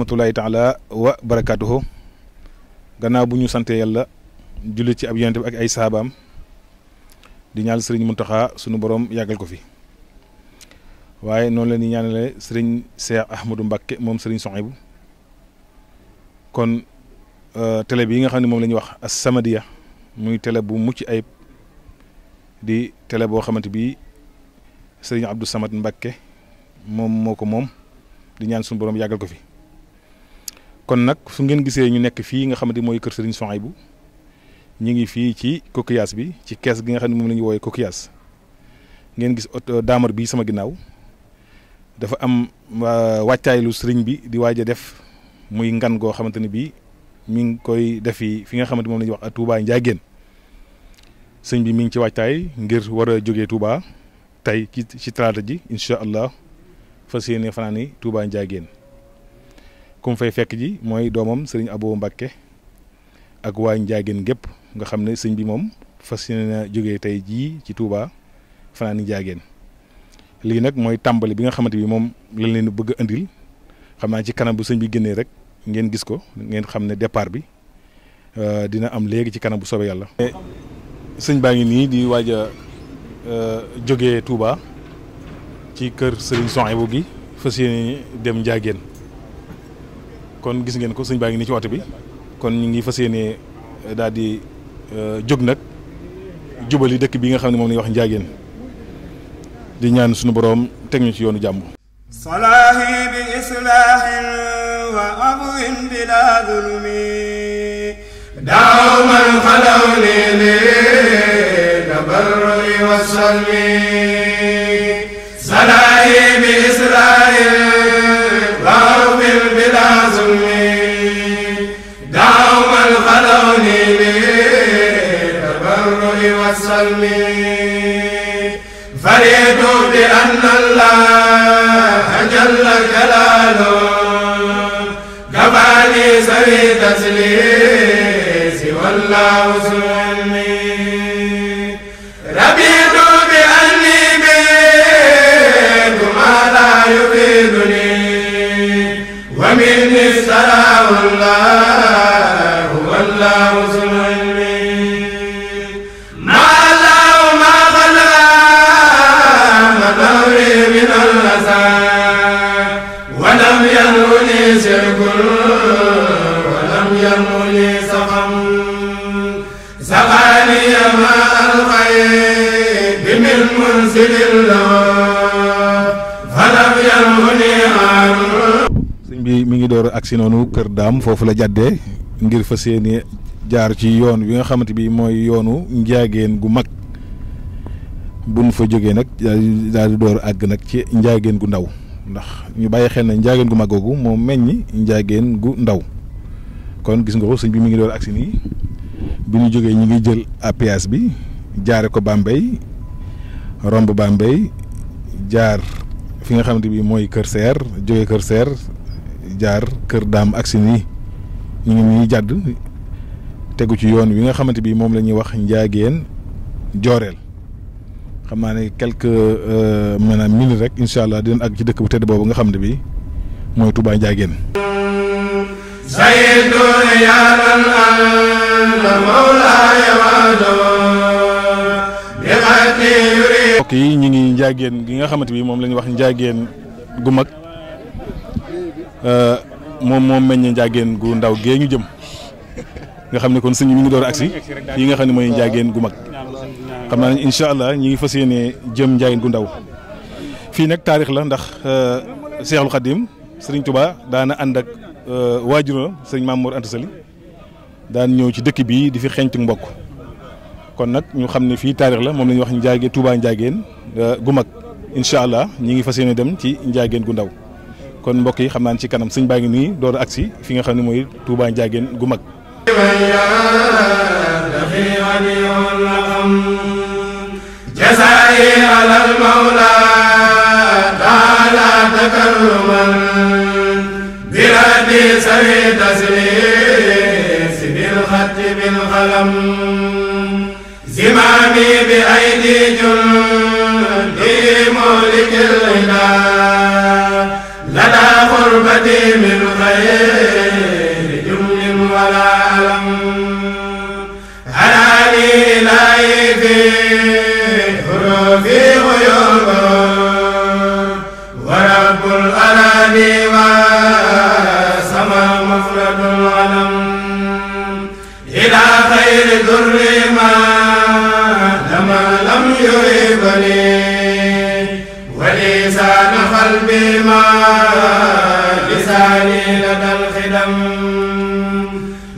rahmatullahi taala wa barakaatuhu gannaaw bu ñu sante yàlla julli ci ab bi ak ay saabaam di ñaanal sëriñ Muntaxa sunu borom yàggal ko fi waaye noonu la ñuy ñaanale sëriñ Cheikh Ahmadou Mbacké moom sëriñ Soxibu kon euh, télé bi yi nga xam ne moom la ñuy wax As-Samadiyya muy télé bu mucc ayib di télé boo xamante bi sëriñ Abdou Samad Mbacké moom moo ko moom di ñaan suñu borom yàggal ko fi kon nag su ngeen gisee ñu nekk fii nga xamante mooy kër Serigne bu ñu ngi fii ci coquillage bi ci kees gi nga xam ne moom la ñuy woowee coquillage ngeen gis oto daamar bii sama ginnaaw dafa am wàccaaylu sëriñ bi di waaj a def muy ngan goo xamante ne bii mi ngi koy def fi nga xamante moom lañuy wax ñuy wax Touba Ndiagéen sëñ bi mi ngi ci wàccaay ngir war a jógee Touba tey ci ci talaata ji incha allah fas yéene fanaan ni Touba Ndiagéen ku fay fekk ji mooy doomam sëriñ Abo Mbakke ak waa Njaageen gépp nga xam ne sëñ bi moom fas yéene jóge tey jii ci Touba fanaan ni Njaageen lii nag mooy tàmbali bi nga xamante bi moom lañ leen bëgg a indil xam naa ci kanam bu sëñ bi génnee rek ngeen gis ko ngeen xam ne départ bi euh, dina am léegi ci kanam bu soobee yàlla. sëñ baa ngi nii di waaj a euh, jógee Touba ci kër sëriñ Sohaibou gi fas yéene dem Njaageen. kon gis ngeen ko suñ baa ngi nii ci oto bi kon ñu ngi fas yéenee eh, daal eh, jóg nag jubali dëkk bi nga xam ne moom la ñuy wax njaageen di ñaan suñu boroom teg ñu ci yoonu jàmm salaahi bi islaahin wa abwin bila zulmi me الغيب bi mi ngi door ak noonu Kër Daam foofu la jàdde ngir fa yéene jaar ci yoon wi nga xamante bi mooy yoonu njaageen gu mag buñ fa jógee nag daal di door àgg nag ci njaageen gu ndaw ndax ñu bàyyi xel na njaageen gu mag googu moo meññ njaageen gu ndaw kon gis nga ko sëñ bi mi ngi door agsi nii bi ñu jógee ñu ngi jël APS bi jaare ko Bambey romb baa mbay jaar fi nga xamante bi mooy Kër Seer jógee Kër Seer jaar Kër Daam ak si nii ñu ngi ñuy jàdd tegu ci yoon wi nga xamante bi moom la ñuy wax njaageen jooreel xam naa ne quelques euh, maanaam minutes rek incha allah dinañ àgg ci dëkk bu tedd boobu nga xam ne bi mooy Touba njaageen mbokk yi ñu ngi njaageen gi nga xamante bi moom la ñu wax njaageen gu mag euh, moom moom meññ njaageen gu ndaw gee ñu jëm nga xam ne kon sëñ mi ngi door agsi yi nga xam ne mooy njaageen gu mag xam naa incha allah ñi ngi fa yéene jëm njaageen gu ndaw fii nag taarix la ndax euh, Seexul Xadim Sëriñ Tuubaa daana ànd ak euh, waajur sëriñ Mamour Anta daan ñëw ci dëkk bi di fi xenc mbokk kon nag ñu xam ne fii taarix la moom la ñuy wax njaage Touba njaageen euh, gu mag incha allah ñi ngi fas yéene dem ci njaageen gu ndaw kon mbokk yi xam naa ci kanam sëñ baa ngi nii door a agsi fi nga xam ne mooy tuubaa njaageen gu mag جزائي على المولى تعالى تكرما بلادي سوي تسليم بالقلم زمامي بأيدي جندي مولك الهدى لدى غربتي من خير يهمني ولسان قلبي ما لساني لدى الخدم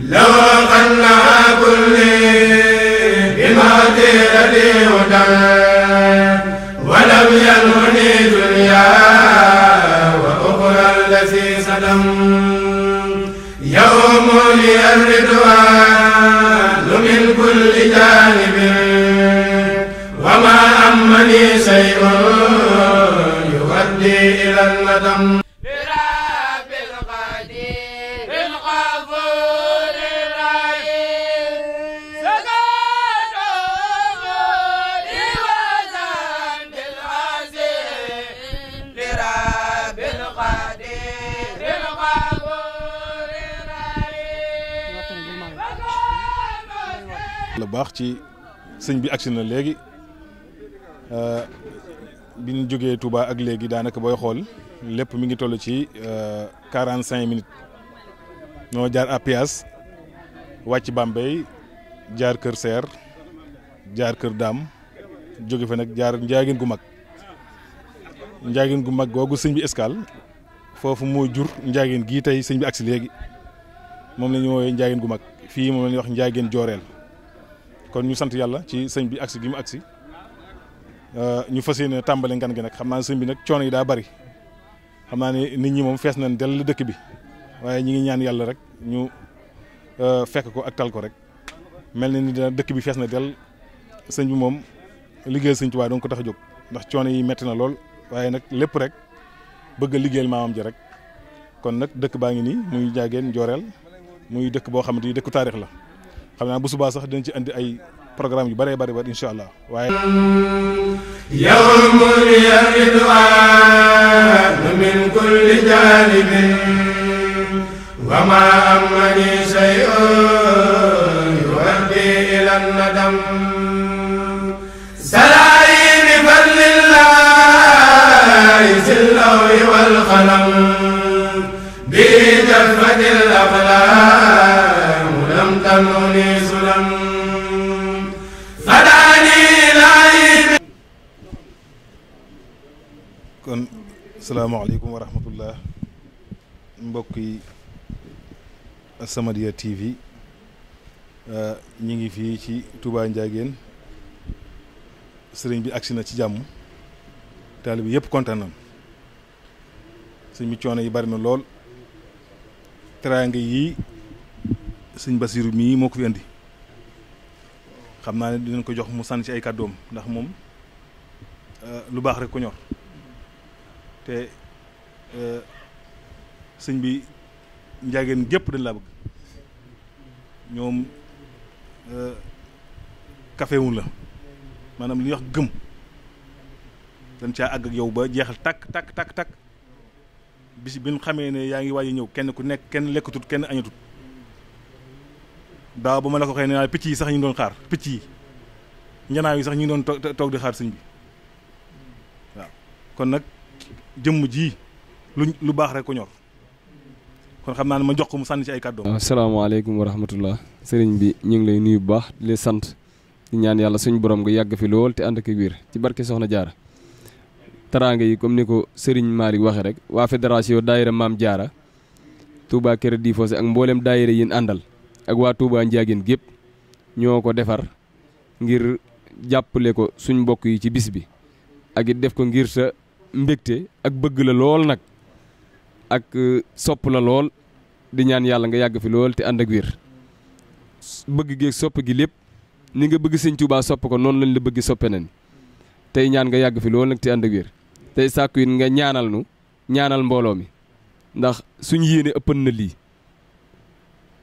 لو قنع كلي بما دير لي هدى ولم ينهني دنيا وأخرى التي صدم يوم لي الرضوان من كل جاه ci sëñ bi agsi na léegi bi ñu jógee Touba ak léegi daanaka booy xool lépp mu ngi toll ci euh, quarante cinq minutes noo jaar Apias wàcc Bambey jaar Kër Seer jaar Kër Daam jóge fa nag jaar Njaagin gu mag Njaagin gu mag googu sëñ bi escale foofu moo jur Njaagin gii tey sëñ bi agsi léegi moom la ñu woowee Njaagin gu mag fii moom la ñuy wax Njaagin Jooreel kon ñu sant yàlla ci sëñ bi agsi gi mu agsi euh, ñu fas yéene tàmbali ngan gi nag xam naa ne sëñ bi nag coono yi daa bari xam naa ne nit ñi moom fees na dell dëkk bi waaye ñi ngi ñaan yàlla rek ñu euh, fekk ko ak tal ko rek mel na ni dina dëkk bi fees na dell sëñ bi moom liggéeyal sëñ Tuubaa donc ko tax jóg ndax coono yi metti na lool waaye nag lépp rek bëgg a liggéeyal maamam ji rek kon nag dëkk baa ngi nii muy jaageen njooreel muy dëkk boo xamante ni dëkku la xam naa bu subaa sax dinañ ci andi ay programme yu bëree bëri bëri incha allah waaye yawmul ridwaan min kulli janibin wa ma amani shay'un yuaddi ila nadam salayi bi fadlillahi sillawi wal qalam kon salaamaaleykum wa rahmatullah mbokk yi As-Samadiyya TV ñu ngi fii ci Touba Ndiagéen sëriñ bi agsi na ci jàmm taalibe yëpp kontaan nañ bi coono yi bari na lool teraanga yii sëñ Basiru mii moo ko fi indi xam naa ne dinañ ko jox mu sànni ci ay kàddoom ndax moom lu baax rek ku ñor. te euh, sëñ bi njaageen gépp dañ laa bëgg ñoom kafewun euh, la maanaam li ñuy wax gëm dañ caa àgg ak yow ba jeexal takk takk takk takk bis bi ñu xamee ne yaa ngi waaj a ñëw kenn ku nekk kenn lekkatut kenn añatut daaw ba ma la ko xëy naa picc yi sax ñu ngi doon xaar picc yi njanaaw yi sax ñu ngi doon toog di xaar sëñ bi waaw kon nag jëmm ji lu baax rek ko ñor kon xam naa ne ma jox ko mu sànni ci ay kàddoom. asalaamaaleykum wa rahmatullah sëriñ bi ñu ngi lay nuyu bu baax di leen sant di ñaan yàlla suñu boroom nga yàgg fi lool te ànd ak biir ci barke Soxna Jaara taraanga yi comme ni ko sëriñ Mari waxee rek waa fédération daayira Maam Jaara Touba Kër di Fossé ak mboolem daayira yi àndal ak waa Touba Ndiagéen gépp ñoo ko defar ngir jàppale ko suñ mbokk yi ci bis bi ak it def mbégte ak bëgg la lool nag ak euh, sopp la lool di ñaan yàlla nga yàgg fi lool te ànd ak wér bëgg geeg sopp gi lépp ni nga bëgg sëñ Tuubaa sopp ko noonu lañ la bëgg soppe nañ tey ñaan nga yàgg fi lool nag te ànd ak wér tey sàkku yi nga ñaanal nu ñaanal mbooloo mi ndax suñ yéene ëppan na lii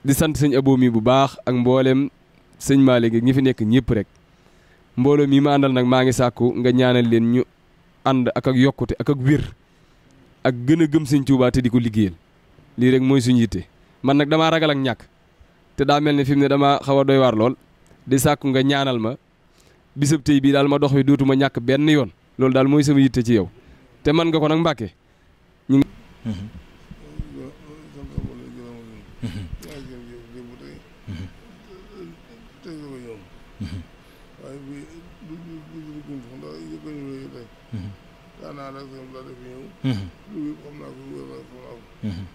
di sant sëñ Abo mi bu baax ak mbooleem sëñ Malick ñi fi nekk ñëpp rek mbooloo mi ma àndal nag maa ngi sàkku nga ñaanal leen ñu ànd ak ak yokkute ak ak wér ak gën a gëm sëñ Tuubaa di ko liggéeyal lii rek mooy suñ yitte man nag damaa ragal ak ñàkk te daa mel ni fi mu damaa xaw a doy waar lool di sàkku nga ñaanal ma bisab tey bii daal ma dox wi dootuma ñàkk benn yoon loolu daal mooy sama yitte ci yow te man nga ko nag mbàkke ñu ngi mhm. naa ko sëñ Abdoulaye dafa ñëw. Mhm. lu yëpp xam naa ko lu wër naa ko mhm. xam mhm.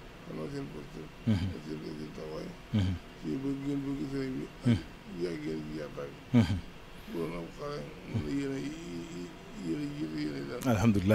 a yéen a jiite a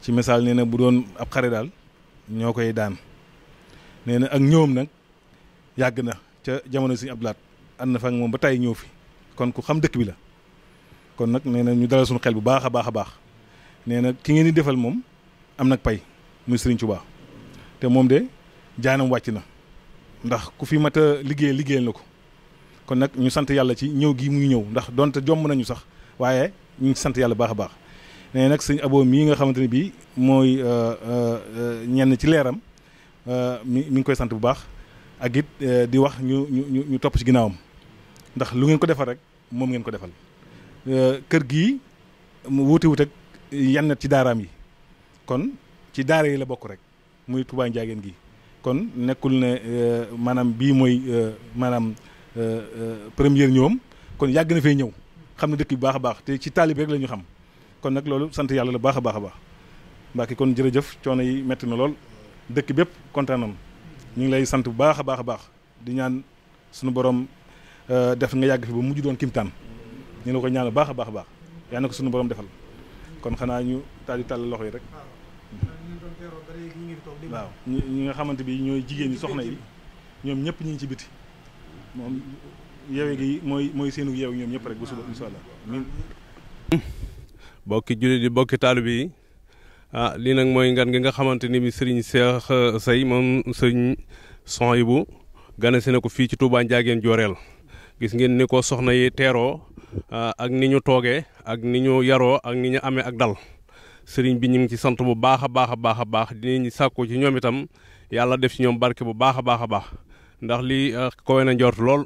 ci misaal nee na bu doon ab xare daal ñoo koy daan nee na ak ñëwam nag yàgg na ca jamono suñu ablaat ànd na fa ak moom ba tey ñëw fi kon ku xam dëkk bi la kon nag nee na ñu dalal suñu xel bu baax a baax a baax nee na ki ngeen di defal moom am nag pay muy Sëriñ Tuubaa te moom de jaanam wàcc na ndax ku fi mat a liggéey liggéeyal na ko kon nag ñu sant yàlla ci ñëw gi muy ñëw ndax donte jomm nañu sax waaye ñu sant yàlla baax a baax nee nag sëñ aboo mii nga xamante ne bii mooy euh, euh, ñenn ci leeram euh, mi mi ngi koy sant bu baax ak it di wax ñu ñu ñu topp ci ginnaawam ndax lu ngeen ko defal rek moom ngeen ko defal kër gi mu wuute wuute ak yenn ci daaraam yi kon ci daara yi la bokk rek muy Touba Ndiagéen gi kon nekkul ne maanaam bii mooy maanaam première ñoom kon yàgg na fee ñëw xam ne dëkk bi baax baax te ci taalib rek la ñu xam. kon nag loolu sant yàlla la baax a baax a baax Mbacke kon jërëjëf coono yi metti na lool dëkk bépp kontaan ñu ngi lay sant bu baax a baax a baax di ñaan sunu borom euh, def nga yàgg fi bu mujj doon kimtaan ñu la ko ñaan baax a baax a baax yaa na ko suñu borom defal kon xanaa ñu taaju tàll loxo yi rek waaw ñi xamante bi ñooy jigéen ñi soxna yi ñoom ñëpp ñu ngi ci biti moom yewe mooy mooy seenu yeew ñoom ñëpp rek bu bokki jullit yi bokki taalibe yi ah, lii nag mooy ngan gi nga xamante ni bi sëriñ Seex euh, Sey moom sëriñ Souhaïbou gane si na ko fii ci Touba Ndiagéne Joreel gis ngeen ni ko soxna yi teeroo ah, ak ni ñu toogee ak ni ñu yaroo ak ni ñu amee ak dal sëriñ bi ñu ngi ci sant bu baax a baax a baax a baax dinañ sàkku ci ñoom itam yàlla def ci ñoom barke bu baax a baax a baax ndax lii euh, kowe na njort lool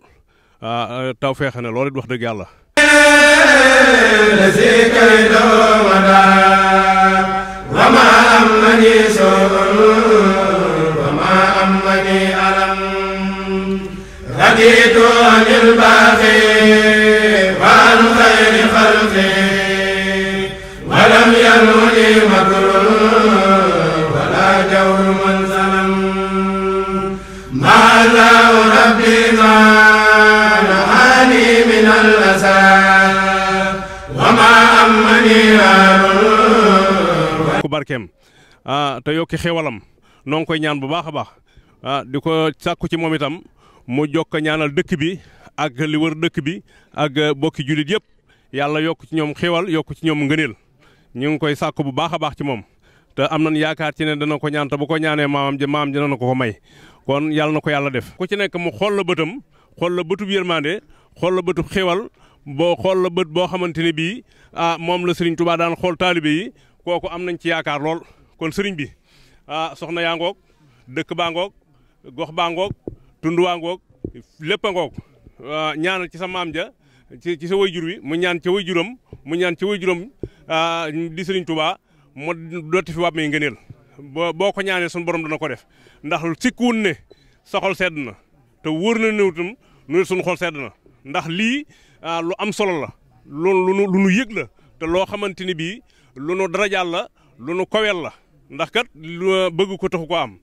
ah, euh, taw feexe ne lool it wax dëgg yàlla الذي كيده ودار وما أمني te yokki xéwalam noo ngi koy ñaan bu baax a baax ah di ko sàkku ci moom itam mu jokk ñaanal dëkk bi ak li wër dëkk bi ak eh, bokki jullit yëpp yàlla yokk ci ñoom xéwal yokku ci ñoom ngëneel ñu ngi koy sàkku bu baax a baax ci moom. te am nañ yaakaar ci ne dana ko ñaan bu ko ñaanee maamam ji maam dina na ko ko may kon yàlla na ko yàlla def. ku ci nekk mu xool la bëtam xool la bëtub yërmande xool la bëtub xéwal boo xool la bët boo xamante ne bii ah moom la Serigne Touba daan xool taalibe yi kooku am nañ ci yaakaar lool. kon sëriñ bi ah, soxna yaa ngoog dëkk baa ngoog gox baa ngoog tund waa ngoog lépp a ngoog ah, ñaanal ci sa maam ja ci ci sa wayjur wi mu ñaan ca wayjuram mu ñaan ca wayjuram ah, di sëriñ Touba mu dotti fi wàmmee ngëneel boo ko ñaanee suñu borom dana ko def ndax sikkuun ne sa xol sedd na te wóor na néewtam nu suñu xol sedd na ndax lii lu am solo la loolu lu nu lu la te loo xamante bii lu nu darajaal la lu nu koweel la ndax kat lu bëgg ko taxu ko am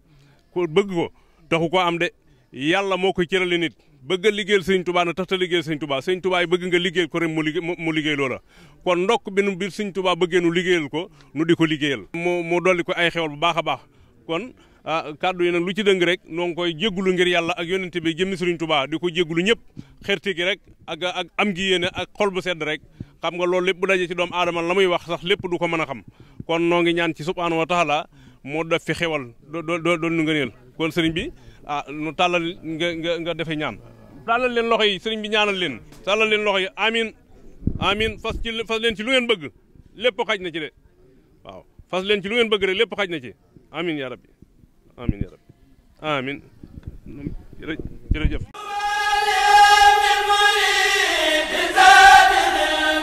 ko bëgg ko taxu ko am de yàlla moo koy cërale nit bëgg a liggéeyal sëñ tubaa na tax ta liggéeyal sëñ tubaa sëñ yi bëgg nga liggéeyal ko rek mu liggéey mu liggéey loola kon ndokk bi nu biir sëñ tubaa bëggee nu liggéeyal ko nu di ko liggéeyal moo mu dolli ko ay xewal bu baax a baax kon ah kàddu yi nag lu ci dëng rek noo koy jéggulu ngir yàlla ak yonente bi jëmmi sëriñ tubaa di ko jéggulu ñëpp xerti gi rek ak ak am gi yéene ak xol bu sedd rek xam nga loolu lépp bu dajee ci doomu aadama la muy wax sax lépp du ko mën a xam kon noo ngi ñaan ci subhaanahu wa taala moo def fi xewal do do kon sëriñ bi ah nu tàllal nga nga nga defe ñaan. tàllal leen loxo yi sëriñ bi ñaanal leen tàllal leen loxo yi amiin amiin fas ci leen ci lu bëgg lépp xaj na ci de waaw fas leen ci lu bëgg rek lépp xaj na ci amiin yaa rabbi amiin yaa rabbi amiin jërëjëf.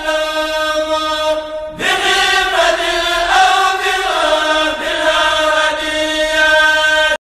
la